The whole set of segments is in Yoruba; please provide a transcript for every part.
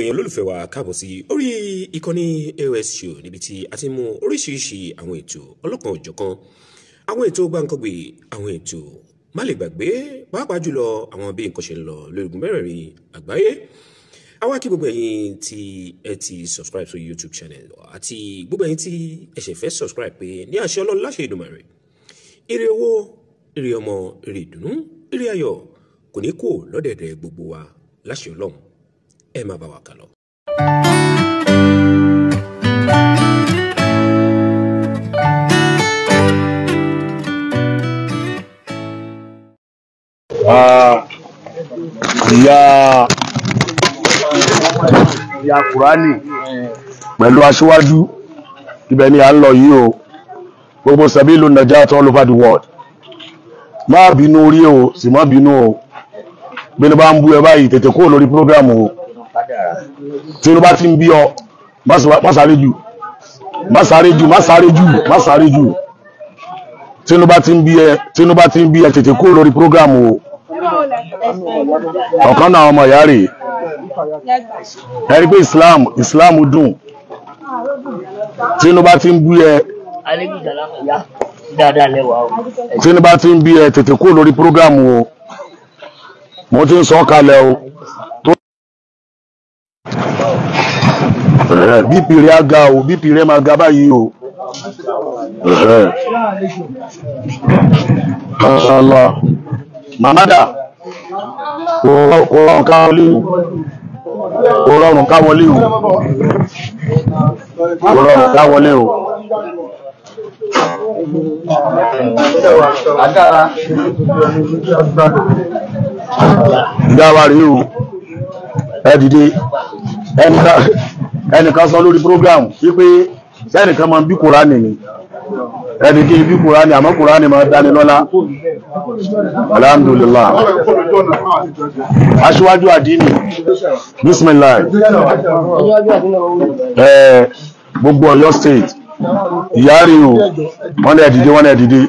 gbogbo èèyàn olólùfẹ́ wa káàbọ̀ sí orí ìkànnì AOS Show níbi tí a ti mú oríṣiríṣi àwọn ètò ọlọ́kan òjọ̀kan àwọn ètò gbàǹkangbè àwọn ètò má lè gbàgbé pàápàá jùlọ àwọn bí nǹkan ṣe ń lọ lórígun mẹ́rẹ̀ẹ̀rin àgbáyé àwa kí gbogbo ẹ̀yin tí ẹ ti subscribe to YouTube channel àti gbogbo ẹ̀yin tí ẹ ṣẹ̀ subscribe pé ní àṣẹ Ọlọ́run láṣẹ Èdùmàrè ire owó ire ọmọ ire ìdùnnú ire ayọ̀ kò ní kò lọ́dẹ̀dẹ̀ gbogbo wa láṣẹ Ọlọ́run Emma Bałakalow. ìyá ìyá kùránì pẹ̀lú aṣíwájú ibẹ̀ ni à ń lọ yìí o gbogbo sẹ́bílù Najat all over the world má bínú orí o sì má bínú o bí ni bá ń bú ẹ báyìí tètè kúrò lórí prógámù o tí olú bá ti ń bí ọ má sáré jù má sáré jù má sáré jù má sáré jù tí olú bá ti ń bí ẹ tí olú bá ti ń bí ẹ tètè kúrò lórí program o ọ̀kan náà ọmọ ìyá rèé ẹ rí pé Islam Islam dùn tí inú bá ti ń bí ẹ tí inú bá ti ń bí ẹ tètè kúrò lórí program o mo ti ń sọ kalẹ̀ o. bípì rẹ̀ aga o bípì rẹ̀ máa ga báyìí o. Mamada. Kò rọrùn ká wọlé o. Kò rọrùn ká wọlé o. Kò rọrùn ká wọlé o. o. Ẹ dìde. Ẹ ẹnìkan sọ lórí program wípé sẹ́nìkan máa ń bí kúránì ni ẹni kí n bí kúránì àmọ́ kúránì máa dání lọ́lá alhamdulillah aṣíwájú àdínì bismillah ẹ gbogbo Ọ̀yọ́ state ìyáàrí o wọ́n lè dìde wọ́n lè dìde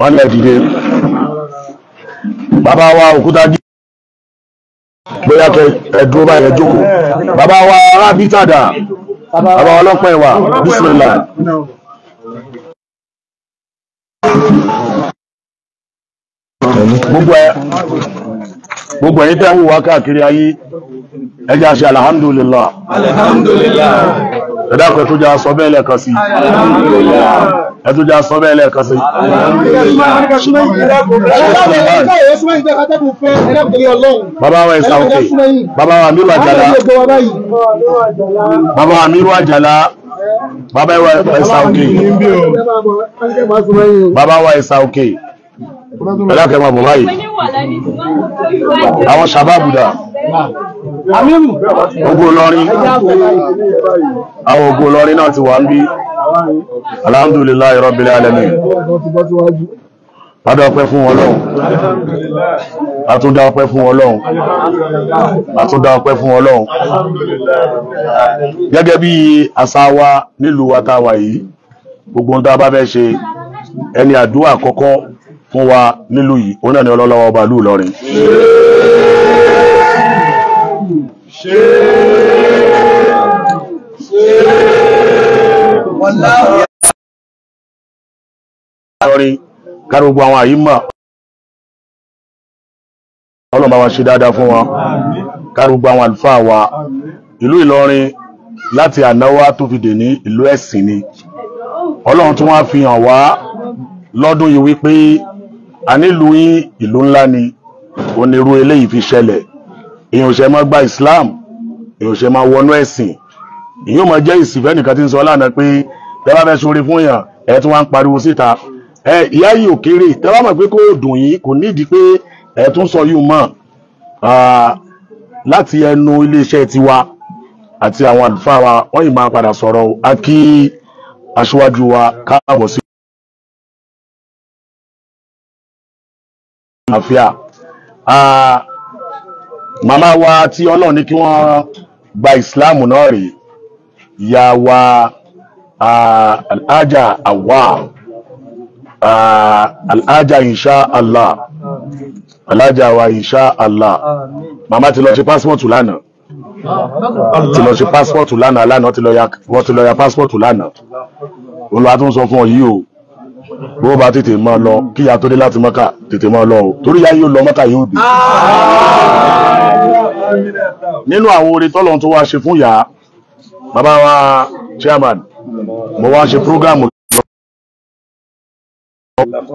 wọ́n lè dìde bàbá wa òkúta bóyá kẹ ẹdúró báyìí ẹ jókòó bàbá wa arábítàdà bàbá wa ọlọ́pàá ẹ̀wà bísímìlà. gbogbo ẹ̀yin tẹ́ ń wá káàkiri ayé ẹ àṣẹ ẹ̀dàkùn ẹ̀tún já sọ bẹ́ẹ̀ lẹ́ẹ̀kan sí ẹ̀tún já sọ wa ìsà òkè bàbá wa mírù àjàlá bàbá wa mírù àjàlá bàbá wa ìsà òkè bàbá wa ìsà òkè ẹ̀dàkùn ẹ̀mọ̀ bọ̀ báyìí àwọn sàbábùdà Ògo Ìlọrin àwọn Ògo Ìlọrin náà ti wà ń bí alhamdulillahi rabbil alamin adá ọpẹ́ fún Ọlọ́run àtúndá ọpẹ́ fún Ọlọ́run àtúndá ọpẹ́ fún Ọlọ́run gẹ́gẹ́ bí àṣà wa nílùú wa tá wà yìí gbogbo ohun tá a bá fẹ́ ṣe ẹni àdúrà àkọ́kọ́ fún wa nílùú yìí òun náà ni ọlọ́lọ́wọ́ ọba ìlú Ìlọrin lọ́rin kárí gbogbo àwọn àyímà ọlọ́mọ wa ṣe dáadáa fún wọn kárí gbogbo àwọn àlùfáà wa ìlú Ìlọrin láti ànáwá tó fi dè ní ìlú ẹ̀sìn ni ọlọ́run tí wọ́n fi hàn wá lọ́dún yìí wípé a nílùú yín ìlú ńlá ni onírú eléyìí fi ṣẹlẹ̀ èèyàn ò ṣe máa gba Islam èèyàn ò ṣe máa wọnú ẹ̀sìn èèyàn ò máa jẹ́ ìsìnfẹ́ nìkan tí ń sọ lánàá pé tẹ́ bá fẹ́ ṣoore fún èèyàn ẹ̀ tún wá ń pariwo síta ẹ ìyá yìí ò kéré tẹ́ mọ̀ pé kó dùn yín kò nídìí pé ẹ̀ tún sọ yìí mọ̀ láti ẹnu iléeṣẹ́ tiwa àti àwọn àlùfáà wa wọ́n yìí máa padà sọ̀rọ̀ a kí aṣíwájú wa káàbọ̀ sí. àfíà màmá wa tí ọlọ́run ní kí wọ́n gba ìsìláàmù náà rè ìyá wa alhaja awa alhaja insha allah alhaja wa insha allah màmá ti lọ ṣe pásítọ̀tù lánàá ti lọ ṣe pásítọ̀tù lánàá lánàá wọ́n ti lọ ya pásítọ̀tù lánàá olùwà tó ń sọ fún ọ yìí o bó bá tètè máa lọ kíyà tó dé láti mọ́kà tètè máa lọ o torí yá yóò lọ mọ́kà yóò dé nínú àwọn oore tọ́lọ́run tó wá ṣe fún yàá bàbá wa chairman mo wá ṣe program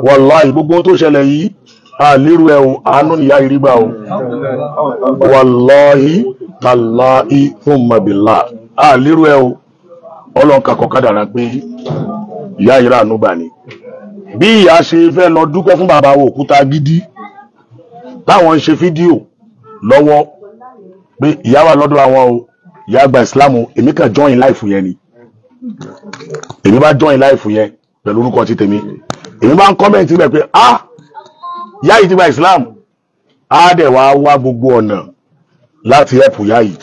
wàláì gbogbo tó ṣẹlẹ̀ yìí àlérú ẹ̀ o àánú nìyá ìrígbà o wàláì tàláì fún mọ̀bìlá àlérú ẹ̀ o ọlọ́nkà kọ̀kadàrà pé ìyá ìrà ànúbà ni bí ìyá ṣe fẹ́ lọ dúpẹ́ fún bàbá òkúta gidi táwọn ṣe fídíò lọ́wọ́ pé ìyá wà lọ́dọ̀ àwọn o ìyá gba ìsìlámù èmi kàn join life yẹn ni èmi bá join life yẹn pẹ̀lú orúkọ ti tèmi èmi bá ń comment bẹ̀ pé ah ìyá yìí ti gba ìsìlámù á dẹ̀ wá wá gbogbo ọ̀nà láti help ìyá yìí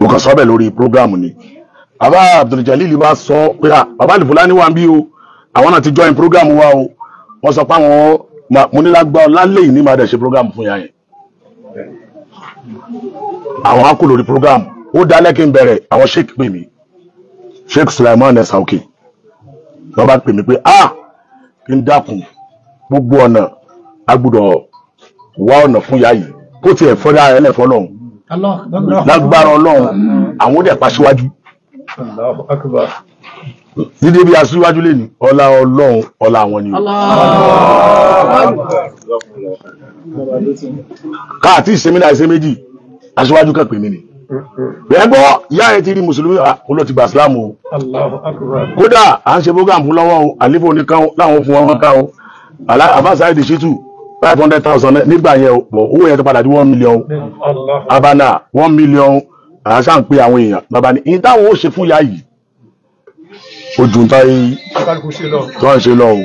mo kàn sọ bẹ́ẹ̀ lórí program ni bàbá Abduljalil bá sọ pé ah bàbá Alifulani wà ń bí o àwọn náà ti join program wa o wọ́n sọ pé àwọn mo ní lágbára lálẹ́ yìí ní máa dẹ̀ ṣe program fún yàyẹn àwọn akó lórí program ó dalẹ́ kí n bẹ̀rẹ̀ àwọn sheik pè mí sheik Sulaiman Saoki wọ́n bá pè mí pé ah kí n dákun gbogbo ọ̀nà a gbọ́dọ̀ wá ọ̀nà fún yàyí kó tiẹ̀ fọ́dá ẹlẹ́fọ́ lọ́hùn lágbára ọlọ́run àwọn ó dẹ̀ pa síwájú dídé bí aṣíwájú lè ní ọlá ọlọ́run ọlá wọn ni káàtì ìsẹ́mínà ìsẹ́ méjì aṣíwájú kan pè mí ni gbẹ́gbọ́ ìyá ẹ̀ ti rí mùsùlùmí olóòtìgbà ah, sílámù o kódà à ń ṣe program fún lọ́wọ́ o àlífò nìkan láwọn fún wọn ká o àbáṣá èdè ṣítù five hundred thousand nígbà yẹn o owó yẹn tó padà di one million abana one million àṣà ń pè àwọn èèyàn bàbá ní ìdáwó ó ṣe fún ìyá yìí ojú táyé tó ń ṣe lọ o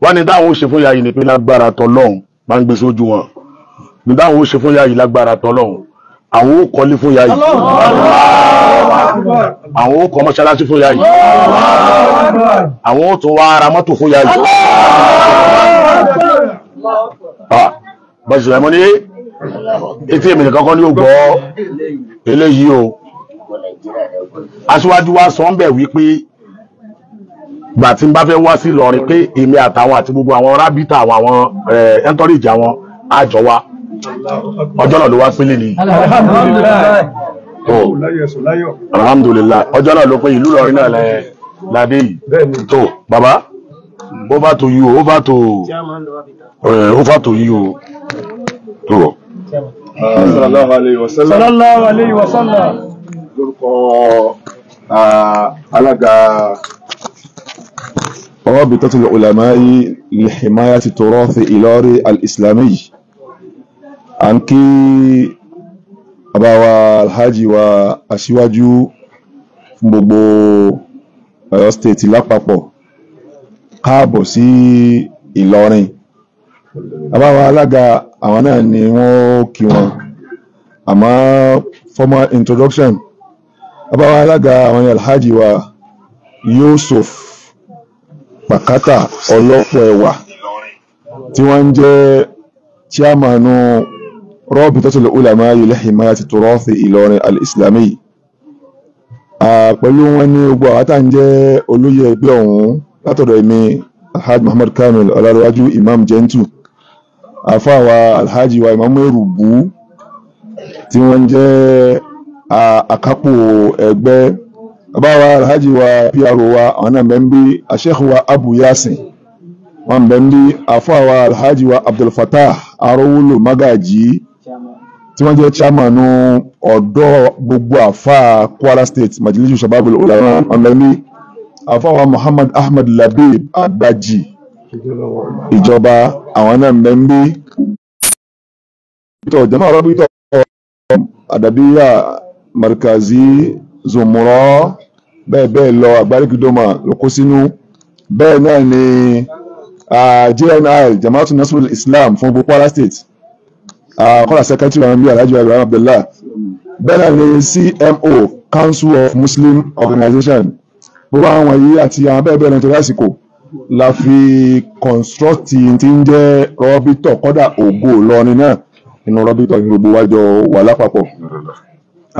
wá ní táwọn ó ṣe fún yàyí ni pé lágbára tọlọ́hún máa ń gbé sójú wọn ní táwọn ó ṣe fún yàyí lágbára tọlọ́hún àwọn ó kọ́lé fún yàyí àwọn ó kọ́ mọ́ṣáláṣí fún yàyí àwọn ó tún wá ara mọ́tò fún yàyí bọ́sù ẹ̀mọ́ ní etí èmì nìkan kọ́ ní ògbọ́ eléyìí o aṣíwájú wa sọ ń bẹ̀ wípé gbà tí n bá fẹ́ wá sí Ìlọrin pé èmi àtàwọn àti gbogbo àwọn rábítà àwọn àwọn ẹntọ́rìjì eh, àwọn àjọ wa ọjọ́ náà ló wá pínlẹ̀ oh. nìyí. alhamdulillah ọjọ́ náà ló pé ìlú Ìlọrin náà ládé yìí tó bàbá hmm. over to you over to eh, over to you tó. sallallahu alayhi wa sallam. sallallahu alayhi wa sallam. lórúkọ ah, alága. رابطة العلماء لحماية تراث إلاري الإسلامي àǹkí àbáwa alhaji wa aṣíwájú fún gbogbo Ọ̀yọ́ state lápapọ̀ káàbọ̀ sí Ìlọrin àbáwa alága àwọn náà ni wọ́n kí wọn àmọ́ formal introduction àbáwa alága àwọn alhaji wa Yusuf pàkátà ọlọ́pọ̀ ẹwà tí wọ́n ń jẹ́ chairmanu Rabitatul Ulama li Himayati Turathi Ìlọrin al-Islami pẹ̀lú wọn ní gbogbo àwọn tá ń jẹ́ olóyè ẹgbẹ́ ọ̀hún látọ̀dọ̀ èmi alhaji muhammad kamil ọlárẹ̀wájú imam gentu àfáàwà alhaji wa imam erubu tí wọ́n jẹ́ àkápò ẹgbẹ́ bàbá wa alhaji wa pr wa àwọn náà bẹ́ẹ̀ ń wa abu yasin wọn bẹ́ẹ̀ ń bí wa alhaji wa abdulfatah arowolo magaji tí wọ́n jẹ́ chairman ọ̀dọ́ gbogbo afa kwara state majlisu shabab ulama wọn bẹ́ẹ̀ ń muhammad ahmed labib agbaji ìjọba àwọn náà bẹ́ẹ̀ ń bí to jama'a rabito adabiya markazi zumura bẹ́ẹ̀ bẹ́ẹ̀ lọ àgbáríkìdọ́mà ló kó sínú bẹ́ẹ̀ náà ni jni jamaatu nasrul islam fún Kwara state kọ́lá secretary àwọn bíi alhaji ibrahim abdullah bẹ́ẹ̀ náà ni cmo council of muslim organization gbogbo àwọn yìí àti àwọn bẹ́ẹ̀ bẹ́ẹ̀ lọ nítorí àsìkò la fi construct ti ń jẹ́ rọ́bítọ̀ kọ́dà ògo Ìlọrin náà inú rọ́bítọ̀ ní gbogbo wájọ wà lápapọ̀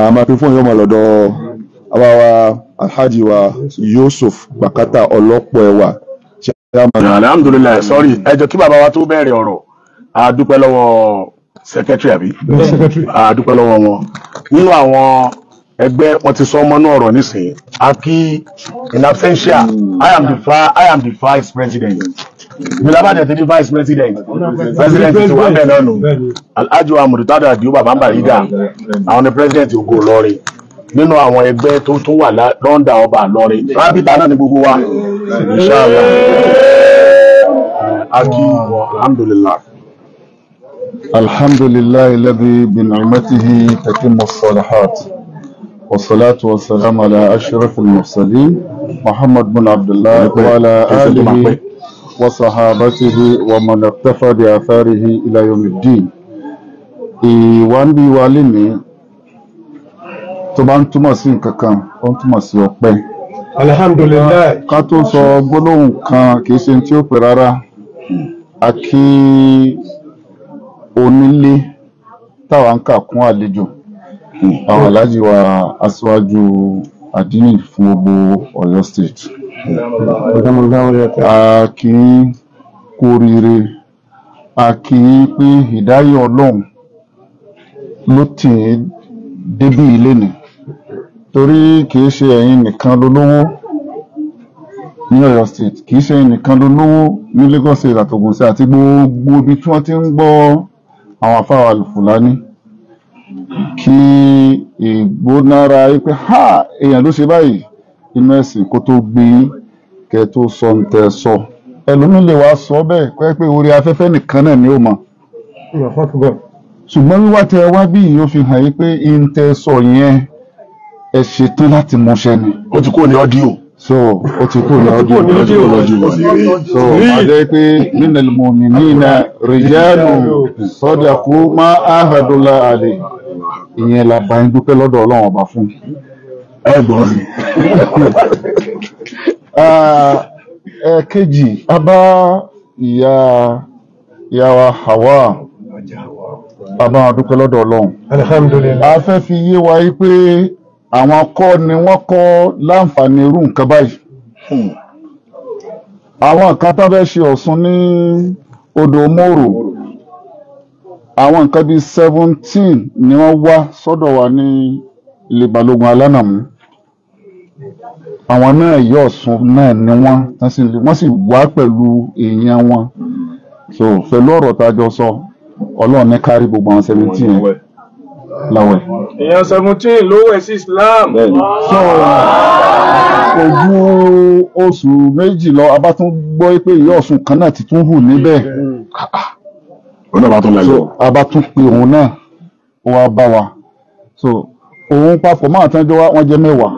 àmọ́ pé yóò máa lọ́dọ̀ọ́ abawa alhaji wa yusuf bakata ọlọ́pọ̀ ẹwà. alhamdulilayi sọrí ẹjọ kí bàbá wa tó bẹ̀rẹ̀ ọ̀rọ̀ a dúpẹ́ lọ́wọ́ sẹkẹtìrì àbí a dúpẹ́ lọ́wọ́ wọn nínú àwọn ẹgbẹ́ wọn ti sọ ọmọ náà ọ̀rọ̀ nísìnyí a in absentia i am the fa i am the vice president ìjọba àti ẹ̀tẹ́ni vice president president ti wà bẹ́ẹ̀ náà nù alhaji wa murtada diuba bambari da àwọn ni president Ògo Ìlọrin nínú àwọn ẹgbẹ́ tó tó wà lọ́ndà ọba àlọ́rin rábìtà náà ni gbogbo wa ìṣàlọ́ akí alhamdulillah. alhamdulillah alladhi bi ni'matihi tatimmu as-salihat والصلاة والسلام على أشرف المرسلين محمد بن عبد الله وعلى آله وصحابته ومن اقتفى بآثاره إلى يوم الدين ìwà ń tó bá ń túmọ̀ sí nǹkan kan ó ń túmọ̀ sí ọpẹ́. alhamdulilayi. ká tó sọ gbólóhùn kan kì í ṣe tí ó pè rárá a onílé táwa ń kà kún àlejò àwọn aláàjì wa aṣáájú àdínì fún gbogbo Ọ̀yọ́ state. a kì í kú oríire a kì í pé ìdáyé Ọlọ́run ló tì í débí ilé nìí torí kì í ṣe ẹ̀yin nìkan lolówó ní Ọ̀yọ́ state kì í ṣe ẹ̀yin nìkan lolówó ní Lagos state àtògùn àti gbogbo ibi tí wọ́n ti ń gbọ́ àwọn afáwà Fúlàní kí ìgbónára yìí pé ha èèyàn ló ṣe báyìí inú ẹ̀sìn kó tó gbé kẹ tó sọ ń tẹ sọ ẹlòmíì lè wá sọ bẹ́ẹ̀ pé pé orí afẹ́fẹ́ nìkan náà ni ó mọ̀ ṣùgbọ́n wíwá tẹ wá bí yìí ó fi hàn yí pé ń sọ yẹn ẹ ṣetán láti mọṣẹ́ ni. ó ti kúrò ní ọ́díò. so ó ti kúrò ní ọ́díò ó ti kúrò ní ọ́díò so àjẹ́ pé minal mu'minina rijalun sadaqu ma ahadula ale ìyẹn la bá ń dúpẹ́ lọ́dọ̀ ọlọ́run ọba fún. ẹ gbọ́ mi. ẹ̀ẹ̀kejì ah, a bá ìyá ìyá wa Hawa a bá wọn dúpẹ́ lọ́dọ̀ ọlọ́run. alhamdulillah. a fẹ́ fi yé wa yí pé àwọn kọ́ ni wọ́n kọ́ láǹfààní irú nǹkan báyìí hmm. àwọn nǹkan tó fẹ́ ṣe ọ̀ṣun ní odò mòrò àwọn nǹkan bíi seventeen ni wọ́n wá sọ́dọ̀ wa ní ilé balógun alánàmú àwọn náà yọ ọ̀ṣun náà ni wọ́n wọ́n sì wá pẹ̀lú èèyàn wọn so pẹ̀lú ọ̀rọ̀ tá a jọ sọ ọlọ́run ní kárí gbogbo àwọn seventeen yẹn lọ́wọ́ ẹ̀. èèyàn seventeen ló wẹ̀ sí Islam. bẹ́ẹ̀ni so kò oṣù méjì lọ a bá tún gbọ́ pé ìyá Ọ̀ṣun kan náà ti tún hù níbẹ̀ so a bá tún pe òun náà ó wá bá wa so òun papọ̀ máa tán jọ wá wọ́n jẹ́ mẹ́wàá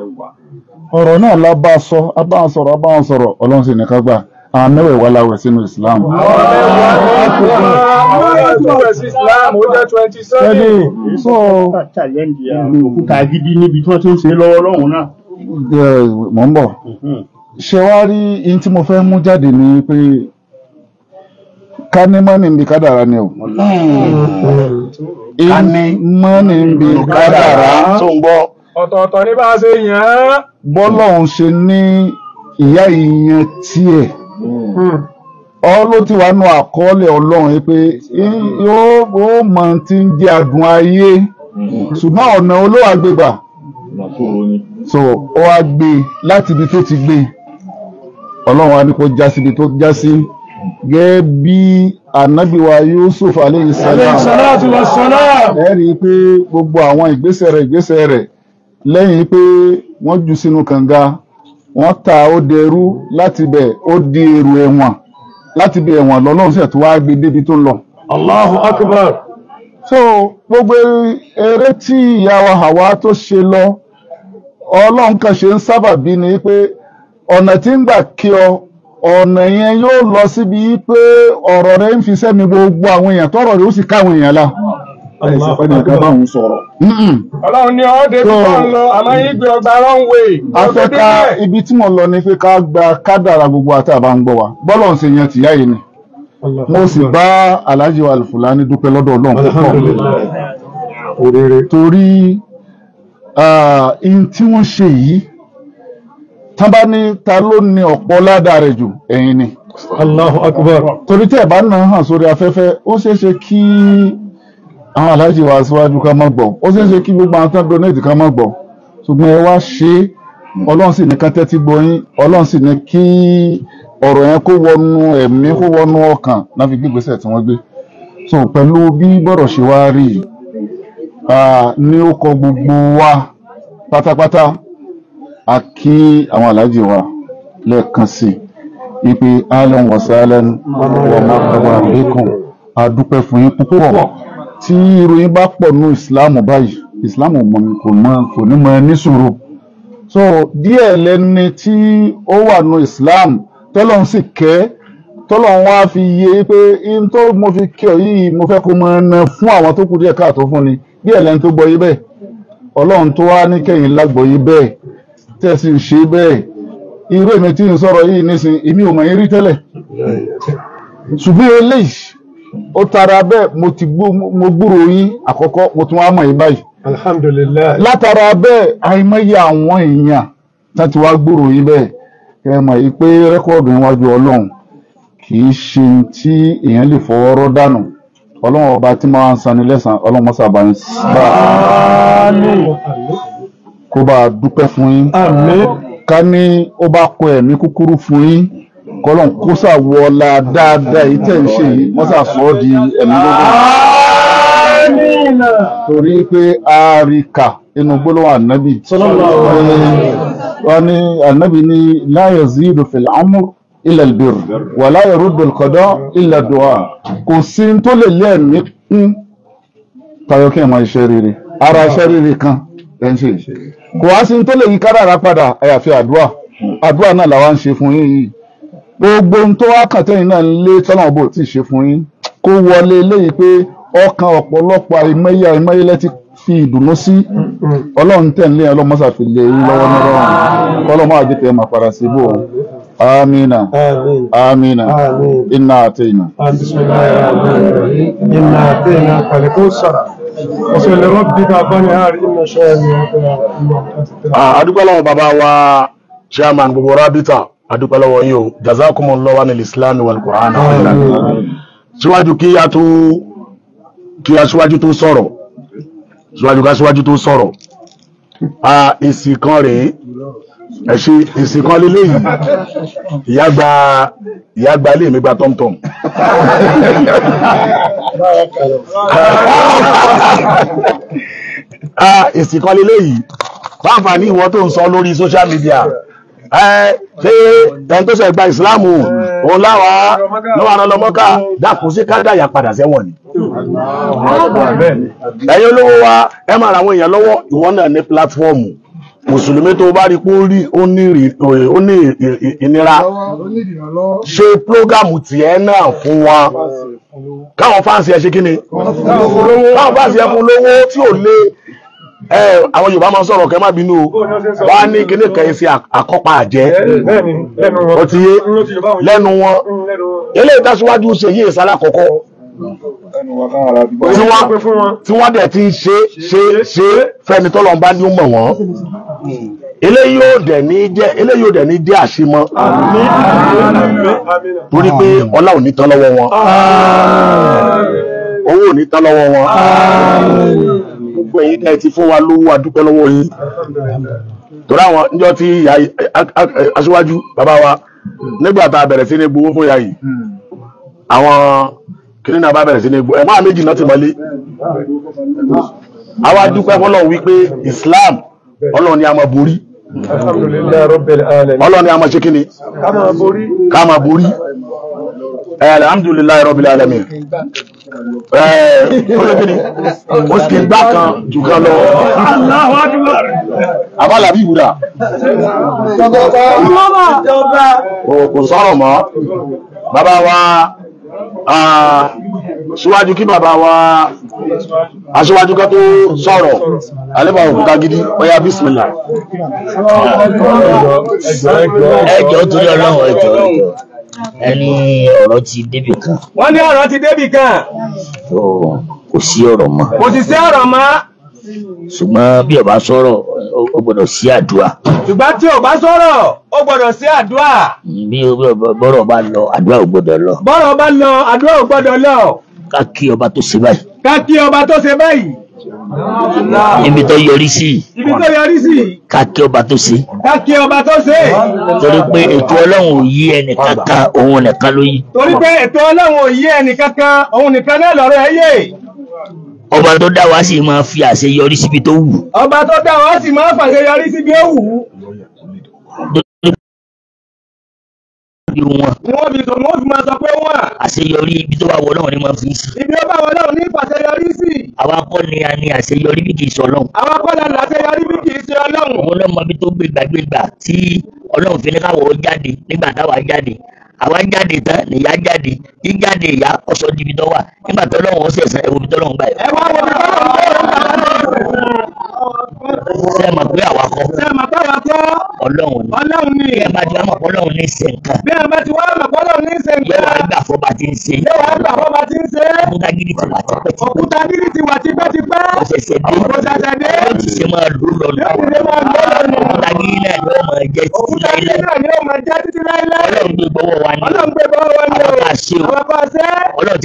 ọ̀rọ̀ náà la bá a sọ a bá a sọ̀rọ̀ a bá a sọ̀rọ̀ ọlọ́run sì ní ká gbà àwọn mẹ́wẹ̀ẹ̀wá la wẹ̀ sínú islam. ṣẹ́ni so. òkúta gidi níbi tí wọ́n ti ń ṣe lọ́wọ́ lọ́hùn náà. mọ̀ ń bọ̀ hmm. ṣe wá rí ihun tí mo fẹ́ mú jáde ni pé ká ní kádàrá ni o. Hmm. ká ní mọ́nì níbi kádàrá tó ń gbọ́. ọ̀tọ̀ọ̀tọ̀ ní bá ṣe yàn án. bọ́lọ́hún ṣe ní ìyá ìyẹn tiẹ̀ ọ ló ti wà nù àkọọ́lẹ̀ ọlọ́run yìí pé yóò mọ ti ń jẹ́ adùn ayé ṣùgbọ́n ọ̀nà olówó agbègbà so ó wá gbé láti ibi tó ti gbé ọlọ́run wa ni kò já síbi tó já sí gẹ́gẹ́ bí ànábìwá Yusuf aleyhi salatu pé gbogbo àwọn ìgbésẹ̀ rẹ̀ ìgbésẹ̀ rẹ̀ lẹ́yìn pé wọ́n jù sínú kànga wọ́n ta ó dẹrú láti bẹ̀ ó di èrò ẹ̀wọ̀n láti bẹ̀ ẹ̀wọ̀n lọ́lọ́run sì tún wá gbé débi tó lọ. Allahu akbar. so gbogbo eré tí ìyá wa Hawa tó ṣe lọ ọlọ́run kan ṣe ń sábà sábàbí ni pé ọ̀nà tí ń gbà kí ọ ọ̀nà yẹn yóò lọ síbi pé ọ̀rọ̀ rẹ ń fi sẹ́mi gbogbo àwọn èèyàn tọ́rọ̀ rẹ ó sì káwọn èèyàn la. ẹ̀sìn pẹ́ nìkan bá òun sọ̀rọ̀. ọlọ́run ni ọ́ débi bá ń lọ àmọ́ yín gbé ọgbà wrong way. a fẹ́ ká ibi tí mo lọ ni pé ká gba kádàrà gbogbo àti àbá wa bọ́lọ̀ ṣe yan tìyá yìí ni mo sì bá Alhaji wa Alfulani dúpẹ́ lọ́dọ̀ ọlọ́run púpọ̀ torí in tí wọ́n ṣe yìí tán bá ní ta ló ní ọ̀pọ̀ ládàá rẹ̀ jù ẹ̀yin ni. torí tẹ́ ẹ̀ bá náà hàn sórí afẹ́fẹ́ ó ṣeé ṣe kí àwọn aláìsí wa síwájú ká má gbọ́ ó ṣeé ṣe kí gbogbo àwọn tán donate ká má gbọ́ ṣùgbọ́n ẹ wá ṣe é ọlọ́run sì ní ká tẹ́tí gbọ́yìn ọlọ́run sì ní kí ọ̀rọ̀ yẹn kó wọnú ẹ̀mí kó wọnú ọkàn láfi gbígbésẹ̀ tí wọ́n gbé so pẹ̀lú bí bọ̀rọ̀ ṣe wá rí ní ó kọ gbogbo wa pátápátá a kí àwọn aláàjì wa lẹ́ẹ̀kan sí ipe allen wasalem wa mọ́tàbà a dúpẹ́ fún yín púpọ̀ tí ìròyìn bá pọ̀ nù islam báyìí islam kò mọ kò ní mọ ní sùúrù so díẹ̀ lẹni tí ó wà nù islam tọ́lọ́n sì kẹ́ tọ́lọ́n wá fi yé pé in tó mo fi kẹ́ yìí mo fẹ́ kó mọ ẹ fún àwọn tó kù díẹ̀ káàtó fún ni díẹ̀ lẹni tó gbọ́ yí bẹ́ẹ̀ ọlọ́run tó wá ní kẹ́yìn lágbọ́ yí bẹ́ẹ̀ tẹ̀sí ṣe bẹ́ẹ̀ irú èmi tí ń sọ̀rọ̀ yìí nísìn èmi ò mọ̀ yín rí tẹ́lẹ̀ ṣùgbọ́n eléyìí ó tara bẹ́ẹ̀ mo ti mo gbúrò yín àkọ́kọ́ mo tún wá mọ̀ yín báyìí. alhamdulilayi. látara bẹ́ẹ̀ àìmọye àwọn èèyàn tá ti wá gbúrò yín bẹ́ẹ̀ kẹ́ ẹ mọ̀ yìí pé rẹ́kọ̀dù níwájú ọlọ́run kì í ṣe tí èèyàn lè fọwọ́ rọ́ dànù ọlọ́run ọba tí máa ń sanni lẹ́sàn ọlọ́run mọ́sá bá ń bá a kó bá a dúpẹ́ fún yín. ká ní ó bá kọ ẹ̀mí kúkúrú fún yín kọ́lọ́n kó sàwọ́lá dáadáa yìí tẹ̀ ń ṣe yìí wọ́n sàsọ́ di ẹ̀mí lógún torí pé àríkà inú gbólóhùn ànábì wọ́n ní ànábì ní la yazidu fil amr illa albir wa la yaruddu alqada illa addu'a kò sí tó lè lé ẹ̀mí kún tayọ kí ẹ̀ máa iṣẹ́ rere ara iṣẹ́ rere kan ẹ̀ ń ṣe kò wá sí tó lè yí kádàrá padà àyàfi àdúrà àdúrà náà làwa ń ṣe fún yín yìí gbogbo ohun tó wá kàn tẹ́yìn náà ń lé tọ́lọ́wọ́n bò tí ì ṣe fún yín kó wọlé eléyìí pé ọkàn ọ̀pọ̀lọpọ̀ àìmọye àìmọye lẹ́ti fi ìdùnnú sí ọlọ́run tẹ̀lé ọlọ́run mọ́sà fi yín lọ́wọ́ ní rọrùn kọ́lọ́mọ́ àjẹtẹ̀ máa sí amina amina inna àtẹ̀yìn. inna àtẹ̀yìn àkàlẹ́kọ̀ sọ̀rọ̀ ọ̀sẹ̀lẹ̀rọ̀ bí ká bá ní àárín adúpẹ́ lọ́wọ́ yín o jazakumullahu anil islam wal qur'an síwájú kí a tó kí a síwájú tó sọ̀rọ̀ síwájú ká síwájú tó sọ̀rọ̀ a èsì kan rèé ẹ ṣe èsì kan lélẹ̀ yìí ìyá gba ìyá gba ilé mi gba tọ́mtọ́m. a èsì kan lélẹ̀ fáfà ní ìwọ tó ń sọ lórí social media ẹ ṣé ẹni tó ṣe gba ìsìláàmù òun láwa lọ́wọ́ àná lọ́mọ́ká dákun sí Canada yà padà sẹ́wọ̀n ni. ẹ̀yin olówó wa ẹ máa ra àwọn èèyàn lọ́wọ́ ìwọ náà ní pílátífọ́ọ̀mù mùsùlùmí tó bá rí kó rí ó ní ìnira ṣe prógámù tiẹ̀ náà fún wọn káwọn fáǹsì ẹ ṣe kí ni káwọn fáǹsì ẹ fún lówó tí ò lè àwọn yorùbá máa ń sọ̀rọ̀ kẹ́ má bínú o wá ní kíní kan ẹ̀ sí àkọ́pá àjẹ́ ó ti yé lẹ́nu wọn mm, eléyìí tẹ̀síwájú ṣe yí ìsàlẹ̀ àkọ́kọ́ tí wọ́n dẹ̀ ti ń ṣe ṣe ṣe fẹ́ni tọ́lọ̀ ń bá ní mọ̀ wọ́n eléyìí yóò dẹ̀ ní jẹ́ eléyìí yóò dẹ̀ ní jẹ́ àṣemọ́ torí pé ọlá ò ní tán lọ́wọ́ wọn owó ò ní tán lọ́wọ́ wọn. gbogbo ẹ̀yin tẹ́ ti fún wa lówó adúpẹ́ lọ́wọ́ yín torí àwọn níjọ́ tí aṣíwájú bàbá wa nígbà tá a bẹ̀rẹ̀ sí ní gbowó fún ya yìí àwọn kìnìún náà bá bẹ̀rẹ̀ sí ní gbowó ẹ̀gbọ́n àméjì náà ti mọ́lé Islam ọlọ́run ni a máa borí ọlọ́run ni a Eh, alhamdulilayi rabbil alamin o sì gbá kan jù kan lọ abalabi wura kò sọ̀rọ̀ mọ́ bàbá wa síwájú kí bàbá wa aṣíwájú ká tó sọ̀rọ̀ alẹ́bà òkúta gidi ọya bísmìlá ẹjọ́ torí ọlọ́run ẹjọ́ ẹjọ́ ẹni ọ̀rọ̀ ti débì kan. wọ́n ní ọ̀rọ̀ ti débì kan. kò sí ọ̀rọ̀ mọ́. kò sì sí ọ̀rọ̀ mọ́. ṣùgbọ́n bí o bá sọ̀rọ̀ o gbọ́dọ̀ sí àdúrà. ṣùgbọ́n tí o bá sọ̀rọ̀ o gbọ́dọ̀ sí àdúrà. bí bọ́rọ̀ bá lọ àdúrà ò gbọ́dọ̀ lọ. bọ́rọ̀ bá lọ àdúrà ò gbọ́dọ̀ lọ. ká kí ọba tó ṣe báyìí. ká kí ọba tó ṣe báyìí níbi tó yọrí sí kákí ọba tó ṣe kákí ọba tó ṣe torí pé ètò ọlọ́run ò yí ẹnì kankan òun nìkan ló yí. torí pé ètò ọlọ́run ò yí ẹnì kankan òun nìkan náà lọ́rọ̀ ẹ yé ọba tó dá wa sì máa fi àṣeyọrí síbi tó wù. ọba tó dá wa sì máa fàṣeyọrí síbi tó wù wọ́n fi sọ wọ́n fi máa sọ pé wọ́n àṣeyọrí ibi tó bá wọ Ọlọ́run ni wọ́n fi sí. ibi tó bá wọ Ọlọ́run ní ìfàṣeyọrí sí. àwa kọ́ ni a ní àṣeyọrí bí kì í ṣe Ọlọ́run. àwa kọ́ la ní àṣeyọrí bí kì í ṣe Ọlọ́run. òun ló mọ ibi tó gbégbàgbégbà tí Ọlọ́run fi ní káwọ́ jáde nígbà táwa jáde àwa jáde tán nìyá jáde jíjáde ìyá ọsọ dibi tó wà nígbà tó lọ́wọ́ ọ̀sẹ̀ ẹ̀sán ẹ̀wọ̀n tó lọ́wọ́ báyìí. ẹ wá wọ sẹ́ẹ̀mọ̀ pé àwa kọ́. sẹ́ẹ̀mọ̀ pé àwa kọ́. ọlọ́run ni. ọlọ́run ni. bí ẹ bá ti wá mọ̀ pé ọlọ́run ní sẹ̀ǹkan. bí ẹ bá ti wá mọ̀ pé ní sẹ̀ǹkan. yóò wá gbà fọba ti ń ṣe. yóò wá gbà fọba ti ń ṣe. kọ̀ǹpútà gidi ti wà tipẹ́. kọ̀ǹpútà gidi ti wà tipẹ́tipẹ́. ó ṣẹ̀ṣẹ̀ dé. ó ṣẹ̀ṣẹ̀ dé. ó ti ṣe máa lò lọ lọ. yóò ṣe máa lò lọ lọ. kọ̀ǹpútà gidi náà ni ó máa jẹ́ títí láíláí. kọ̀ǹpútà gidi náà ni ó máa jẹ́ títí láíláí. ọlọ́run gbé bọ́wọ́ wa ni. ọlọ́run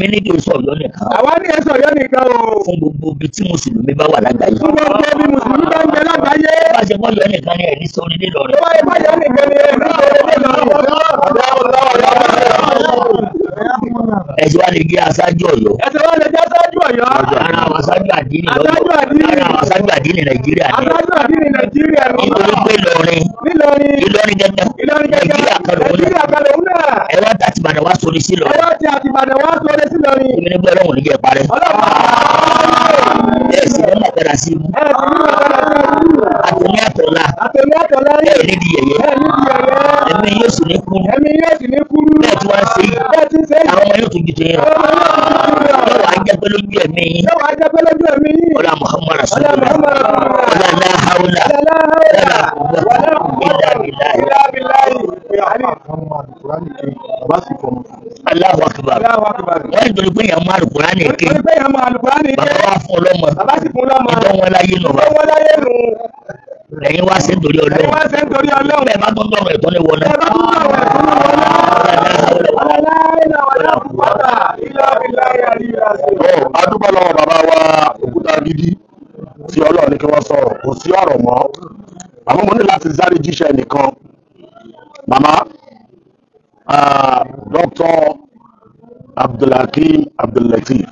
gbé bọ́wọ́ ibi tí mùsùlùmí bá wà lágbàáyé. gbogbo ọgbẹ́ bí mùsùlùmí bá ń bẹ lágbàáyé. bá a ṣe mọ́ yọ̀ọ́ nìkan ni ẹ̀ ní sórí nílò rẹ̀. bá a ṣe mọ́ yọ̀ọ́ nìkan ni ẹ̀ ní sórí nílò rẹ̀. ẹ̀sùn wa lè gé aṣáájú ọ̀yọ́. ẹ̀sùn wa lè gé aṣáájú ọ̀yọ́. ara àwọn aṣáájú àdínì lọ́wọ́ ara àwọn aṣáájú àdínì nàìjíríà ni. aṣáájú àdínì nàìjíríà ni. nítorí pé Ìlọrin Ìlọrin gẹ́gẹ́ nàìjíríà kan lòun náà. ẹ̀rọ ti àtìbàdàn wá sórí sí lọ. ẹ̀rọ ti àtìbàdàn wá sórí sí lọ ni. ìmìnigbẹ́ ọlọ́run jẹ́ parẹ́. àwọn ọmọ yóò tún di tèyàn yóò wá jẹ́ pé lójú ẹ̀mí ọlá muhammadu rasulillah ọlá lahawla ọlá kúgbà ilà ilà Allahu akbar wọ́n ń dolo pé yàn máa alukurani ké bàbá wa fún ọlọ́mọ ìdánwọ́n láyé nù lẹ́yìn wá sí nítorí ọlọ́mọ. Hakeem Abdullateef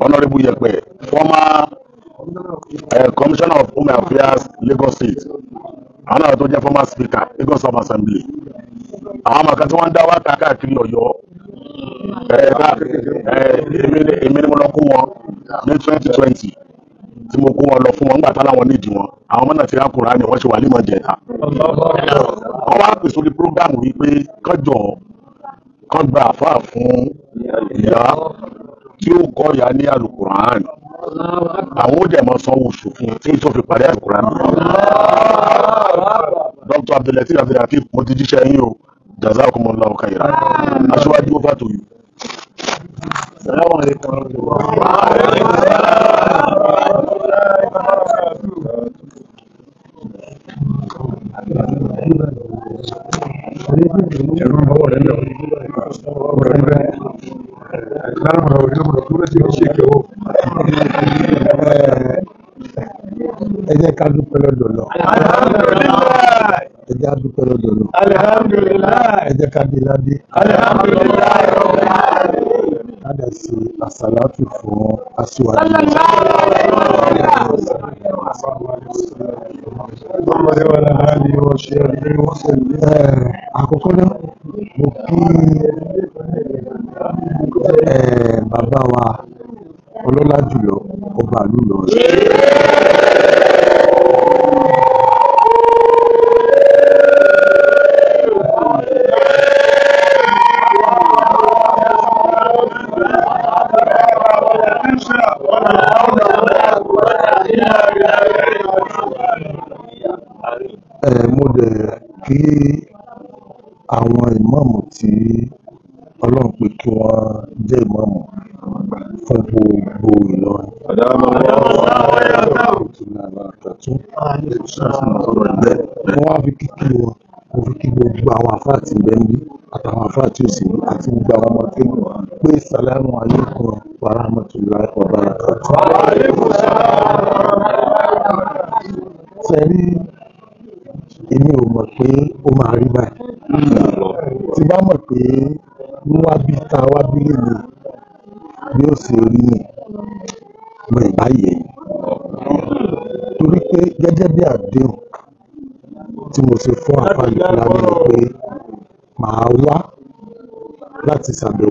honorable, Yepe former uh, Commissioner of Home Affairs Lagos State àwọn àwọn tó jẹ́ former speaker Lagos of Assembly àwọn àmàkà tí wọ́n ń dá wá káàkiri Ọ̀yọ́ eh, eh, èmi ni mo lọ kó wọn ní twenty twenty tí mo kó wọn lọ fún wọn nígbà táwọn nídìí wọn àwọn ọmọ náà ti rákùnrin àná wọ́n ṣe wà nímọ̀ jẹ ní alukuran àwọn ó dẹ̀ mọ sanwó oṣù fún tí tó fi parí alukuran mi. Dr. Abdulatif Abdulatif mo ti jíṣẹ́ yín o. jẹ́ ká dúpẹ́ lọ́dọ̀ lọ. alihamudulilayi. ẹ jẹ́ ká dúpẹ́ lọ́dọ̀ lọ. alihamudulilayi. ẹ jẹ́ ká di ládé. alihamudulilayi rọ̀bà. Ada ṣe àsàlátù fún aṣíwájú. Ọlọ́run wa ni wọ́n ṣe àdúrà wọ́n ṣe ní. àfáà tí ń bẹ níbí àtàwọn àfáà tí ò sí àti gbogbo àwọn ọmọ tí mo pé sàlámù alaykum wa rahmatullahi wa barakatuh. sẹ́rí èmi ò mọ̀ pé ó máa rí báyìí tí bá mọ̀ pé wíwá ta wá bí lè lè yóò ṣe rí ni saber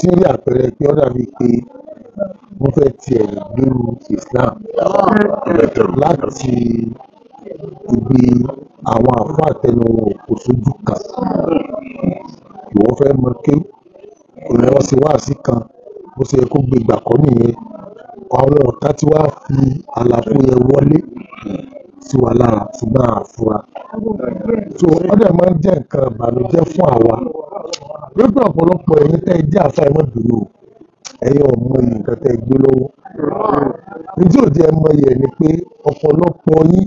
ti ń rí àpẹẹrẹ pé ó dàbí pé wọ́n fẹ́ ti ẹ̀rù Islam láti ibi àwọn àfáà àtẹnu wọn kò sójú kan ìwọ́n fẹ́ mọ ké ìrẹ́wọ́n sí wáàsí kan bó ṣe yẹ kó gbé ìgbà kọ́ nìyẹn àwọn ọ̀tá tí wàá fi àlàfo yẹn wọlé sí wa lára ṣùgbọ́n àfura so ó dẹ̀ máa ń jẹ́ nǹkan ìbànújẹ́ fún àwa lójú ọ̀pọ̀lọpọ̀ ẹ̀yin tẹ́ ẹ jẹ́ àfa ẹ̀ mọ́ dúró ẹ̀yin ọ̀mọ yìí nǹkan tẹ́ ẹ gbé lọ́wọ́ ìdí òde ẹ̀ mọ yẹ̀ ni pé ọ̀pọ̀lọpọ̀ yín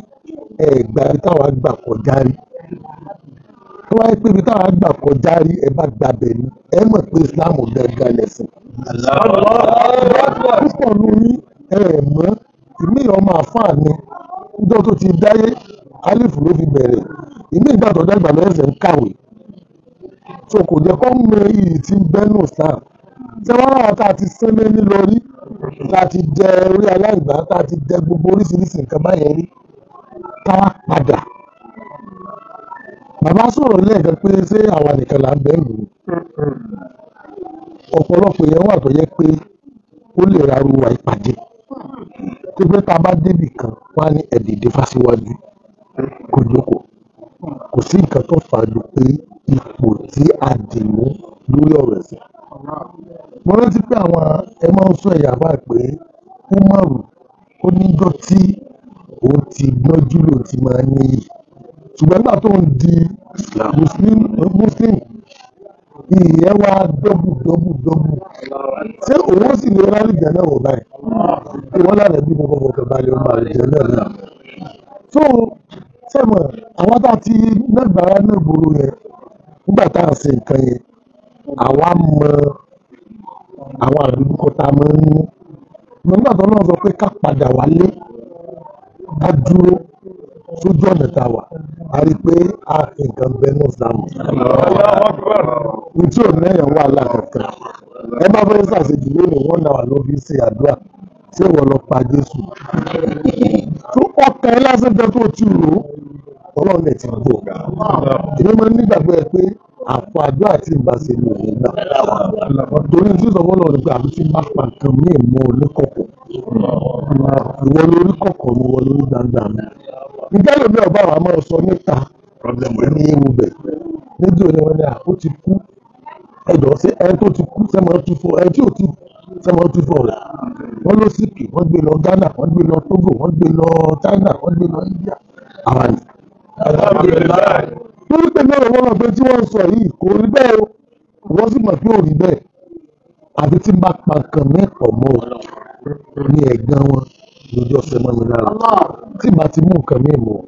ẹ̀ gbà ibi táwa gbà kọjá rí tó wáyé pé ibi táwa gbà kọjá rí ẹ bá gbà bẹ̀ ni ẹ mọ̀ pé Islam gangan lẹ̀sìn. púpọ̀ ló ní ẹ̀ mọ́ ìmí ọmọ àfáà ni níjọ́ tó ti dáyé alif ló fi bẹ̀rẹ̀ ìmí ìgbà tó dàgbà lọ́sẹ̀ ń so kò jẹ́ kó mọ iyì tí ń bẹ́nu Islam ṣé wọ́n ráwọn tá a ti sẹ́lé nílò rí tá a ti jẹ orí aláìgbá tá a ti jẹ gbogbo oríṣiríṣi nǹkan báyẹn rí káwá padà bàbá sọ̀rọ̀ lẹ́ẹ̀kan pé ṣé àwa nìkan là ń bẹ́ẹ̀ lò ó ọ̀pọ̀lọpọ̀ èèyàn wà tó yẹ pé ó lè ra ruwa ìpàdé tó pé tá bá débì kan wá ní ẹ̀dẹ̀dẹ̀ fásiwájú kò jókòó kò sí nǹkan tó fà á ju pé ipò tí a dì mú lórí ọ̀rọ̀ ẹ̀sìn. mo rántí pé àwọn ẹ máa ń sọ ẹ̀yà bá pé Umaru ó níjọ́ tí òun ti gbọ́njú lòun ti máa níyì ṣùgbọ́n nígbà tó ń di muslim muslim ìyẹn wa dọ́bù dọ́bù dọ́bù ṣé òun sì ní rálì jẹ náà wọ̀ báyìí ìwọ́n lára bí mo bọ̀ bọ̀ kẹ̀ balẹ̀ ọmọ àlejò náà náà sẹ́mọ̀ àwọn tá a ti nágbàrá náà gbòòrò yẹn nígbà tá à ń ṣe nǹkan yẹn àwa mọ àwọn àdúgbò tá a máa ń ní nígbà tó náà sọ pé ká padà wálé ká dúró sójú ọ̀nà tá a wà a rí i pé a nǹkan bẹ́ẹ̀ ní ìsàmù. ntí ò náyàn wà lákàtà ẹ bá fẹ́ sàṣejù lónìí wọ́n náà wà lóbi ṣe àdúrà tí ìwọ lọ pa Jésù ọkàn ńlá fún nǹkan tó ti rò ó ọlọ́run ẹ̀ ti gbọ́ èmi máa ń nígbàgbọ́ ẹ pé àpò àdúrà àti ìbáṣe ni òun gbà torí tí ìsọ̀bọ́n náà nígbà àbí tí máa pa nǹkan ní ìmọ̀ oníkọ̀kọ̀ ìwọ lórí kọ̀kọ̀ mi ìwọ lórí gbangba mi nígbà lómi ọba àwọn máa sọ níta ní ewu bẹ̀ níbi òní wọn ni àpò ti kú ẹjọ́ sí ẹni tó ti kú sẹ́mọ̀ tu fún ẹni tí ò ti sẹ́mọ̀ tu fún ọ̀la wọ́n ló sìkì wọ́n gbé lọ Ghana wọ́n gbé lọ Togo wọ́n gbé lọ China wọ́n gbé lọ India àwọn àyè. lórí pé náà wọ́n mọ̀ pé tí wọ́n sọ yìí kò rí bẹ́ẹ̀ o wọ́n sì mọ̀ pé ò rí bẹ́ẹ̀ àti tí n bá pa nǹkan mi pọ̀ mọ́ o ní ẹ̀gbọ́n wọn lójú ọ̀sẹ̀ mọ́ mi lára tí bá ti mú nǹkan mi mọ́ o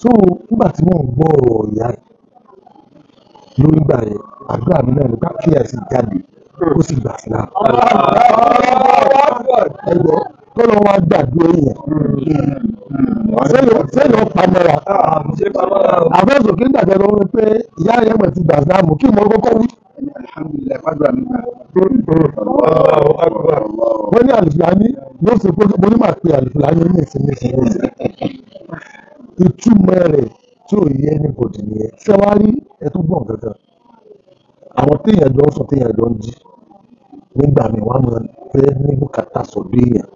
so nígbà tí wọ́n gbọ́ ọ̀rọ̀ ìyá yìí lórí ìgbà yẹn àdúrà mi náà nípa kí ẹ̀ sì jáde ó sì gbà sílá. ẹ̀yọ́ kó ló wá gbàdúrà yẹn. sẹ́yìn ọ̀pá mọ́ra. àbẹ́sọ̀ kí n dàgbẹ́ lọ wọ́n pé ìyá rẹ̀ mọ̀ ti gbà sílá mú kí mo kọ́kọ́ wí. wọ́n ní àlùfáàní ló ṣe kó mo ní màá pe àlùfáàní ní ìsinmi ìsinmi ìtumọ̀ rẹ̀ tí ò yẹ ní kò dì nìyẹn ṣé wàá rí ẹtú gbọ̀n kankan àwọn téèyàn jọ ń sùn téèyàn jọ ń jí nígbà míì wọ́n á máa fẹ́ ní bùkátà sọ́dọ̀ èèyàn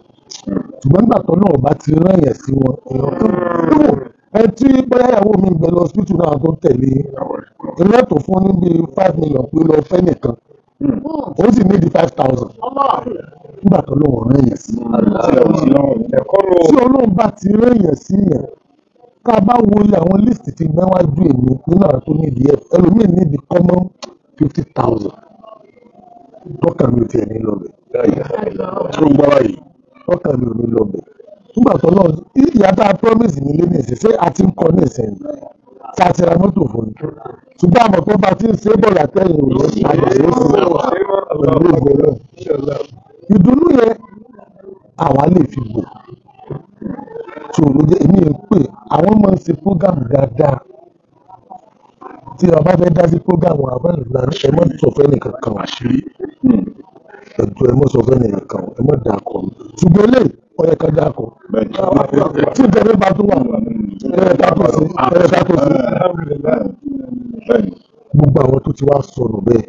ṣùgbọ́n nígbà tó náà bá ti rán èèyàn sí wọn èèyàn tó dúró ẹ tí bóyá ìyàwó mi gbẹ lọ hospital náà tó tẹ̀lé e, ilé tó fún ní bíi five million pé lọ fẹ́ nìkan ó sì ní di five thousand nígbà tó náà rán èèyàn sí tí Ọlọ́run bá ti rán èèyàn sí yẹn ká bá wo àwọn lísìtì tí gbẹ́wájú èmi nínú àwọn tó nídìí ẹ̀ ẹlòmíì nídìí common 50.000. thousand tọ́ka mi ò tiẹ̀ ní lọ́bẹ̀ tó ń gbọ́ báyìí tọ́ka mi ò ní lọ́bẹ̀ nígbà tó náà ìyá tá a promise mi lé nìsín ṣé a ti ń kọ́ nìsín tí a ti ra mọ́tò fún mi ṣùgbọ́n àmọ̀ tó bá ti ń ṣe bọ̀lá tẹ́yìn òun padà yóò sì pẹ̀lú ògo náà ìdùnnú yẹn àwa lè fi bò ṣòro èmi ń pè àwọn máa ń ṣe program dáadáa tí a bá fẹ́ dá sí programu àbá ìlà ẹ má sọ fẹ́ nìkan kan ẹjọ ẹ má sọ fẹ́ nìkan kan ẹ má dà kọ ṣùgbọ́n lè ọyẹ ká dà kọ tí ìjọba bá tún wà ẹ ká tó sí ẹ ká tó sí gbogbo àwọn tó ti wá sọnù bẹ́ẹ̀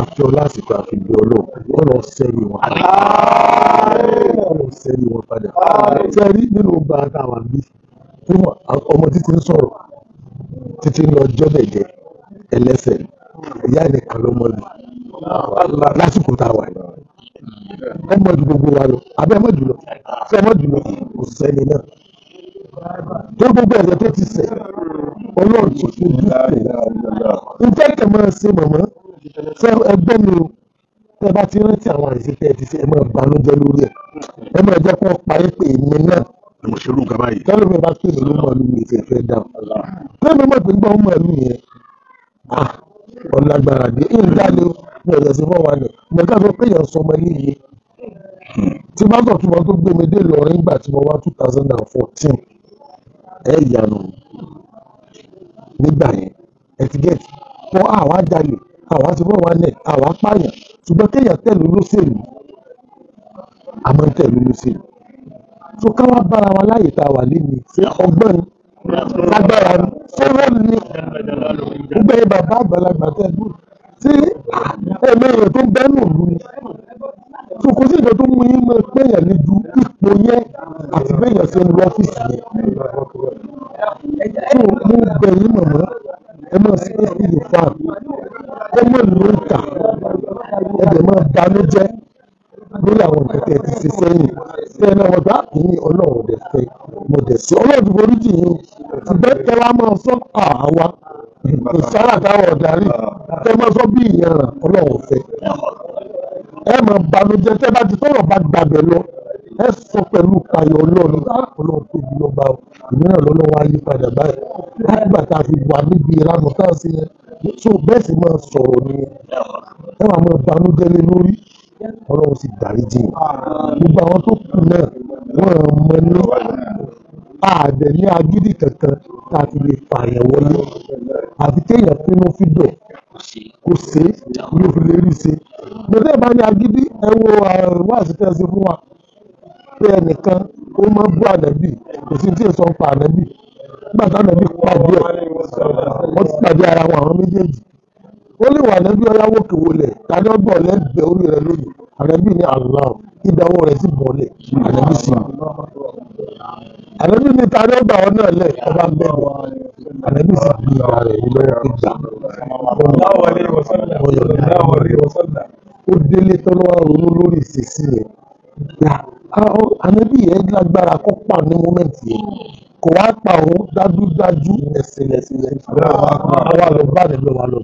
àfihàn lásìkò àfihàn ọlọ́ọ̀ ọ̀nà sẹ́ni wọn ọ̀nà sẹ́ni wọn padà sẹ́ni nínú ọgbà àtàwọn àbí ọmọ títí ń sọ̀rọ̀ títí ń lọ lẹ́nu tẹ́ bá ti rántí àwọn àṣìṣe ẹ ti ṣe ẹ máa banújẹ́ lórí ẹ ẹ máa jẹ́ kó parí pé èmi náà mo ṣe irú nǹkan báyìí. tẹ́lẹ̀ mi bá pè mí ló mọ̀ ní mi ìfẹ́ fẹ́ dà tẹ́lẹ̀ mi mọ̀ pé gbọ́n mọ̀ ní yẹn ọ̀làgbàrà dé ìdá ni mi ò yẹ sí fọ́ wa nì mo ká sọ pé èèyàn sọmọ níye tí bá tọ̀ tí wọ́n tó gbé mi dé Ìlọrin nígbà tí mo wá two ẹ yànnà nígbà yẹn ẹ ti gẹ̀ẹ́tì wọ́n àwa jalè àwa ti fọwọ́ wa lẹ̀ àwa pààyàn ṣùgbọ́n kéèyàn tẹ̀lé olóṣèlú a máa ń tẹ̀lé olóṣèlú tó káwá bára wa láyè tá a wà léni ṣé ọgbọ́n ni lágbára ni fọwọ́ ni gbogbo ẹ̀ bàbá àgbàlagbà tẹ̀ bù tí ẹ̀mí rẹ̀ tó bẹ́nu òlu ni tó kó sí ìjọ tó mú yín mọ́ péyàn ní ju ipò yẹn àti péyàn ṣe ń lọ ọ́fíìsì yẹn mo bẹ̀ yín mọ̀mọ́. so bẹ́ẹ̀ sì máa sọ̀rọ̀ ni ẹ wà máa banújẹ́ lé lórí ọlọ́run sì dáríjì gbogbo àwọn tó kù náà wọ́n mọ ní ààbẹ̀ ní agídí kankan tá a fi lè pààyàn wọlé àfi kéèyàn pinnu fídọ̀ kò sí yóò fi lè rí i ṣe gbẹdẹ bá ní agídí ẹ wo wá àṣetẹ ṣe fún wa pé ẹnìkan ó máa ń bú ànábì kò sí tí èso ń pa ànábì nígbà táwọn ẹbí pàdé ẹ̀ wọ́n ti pàdé ara wọn àwọn méjèèjì ó lè wà lẹ́bí ọyáwó kèwọlẹ̀ tàbí ọgbọ̀n lẹ́gbẹ̀ẹ́ orí rẹ lónìí àrẹ́bí ní Allah ìdáwọ́ rẹ̀ sì bọ̀lẹ̀ àrẹ́bí sí àrẹ́bí ní tàbí ọgbà ọ náà lẹ̀ ọba mẹ́wàá àrẹ́bí sì bí ara rẹ̀ ní lọ́wọ́ ìjà ó délé tọ́lọ́wọ́ ronú lórí ìṣesí rẹ̀ àrẹ́bí yẹn lágbára kó pà ní mọ́mẹ́ǹtì yẹn kò wá pa òun dájúdájú ẹ̀sìn àwa lọ bá àdébẹ̀ wa lọ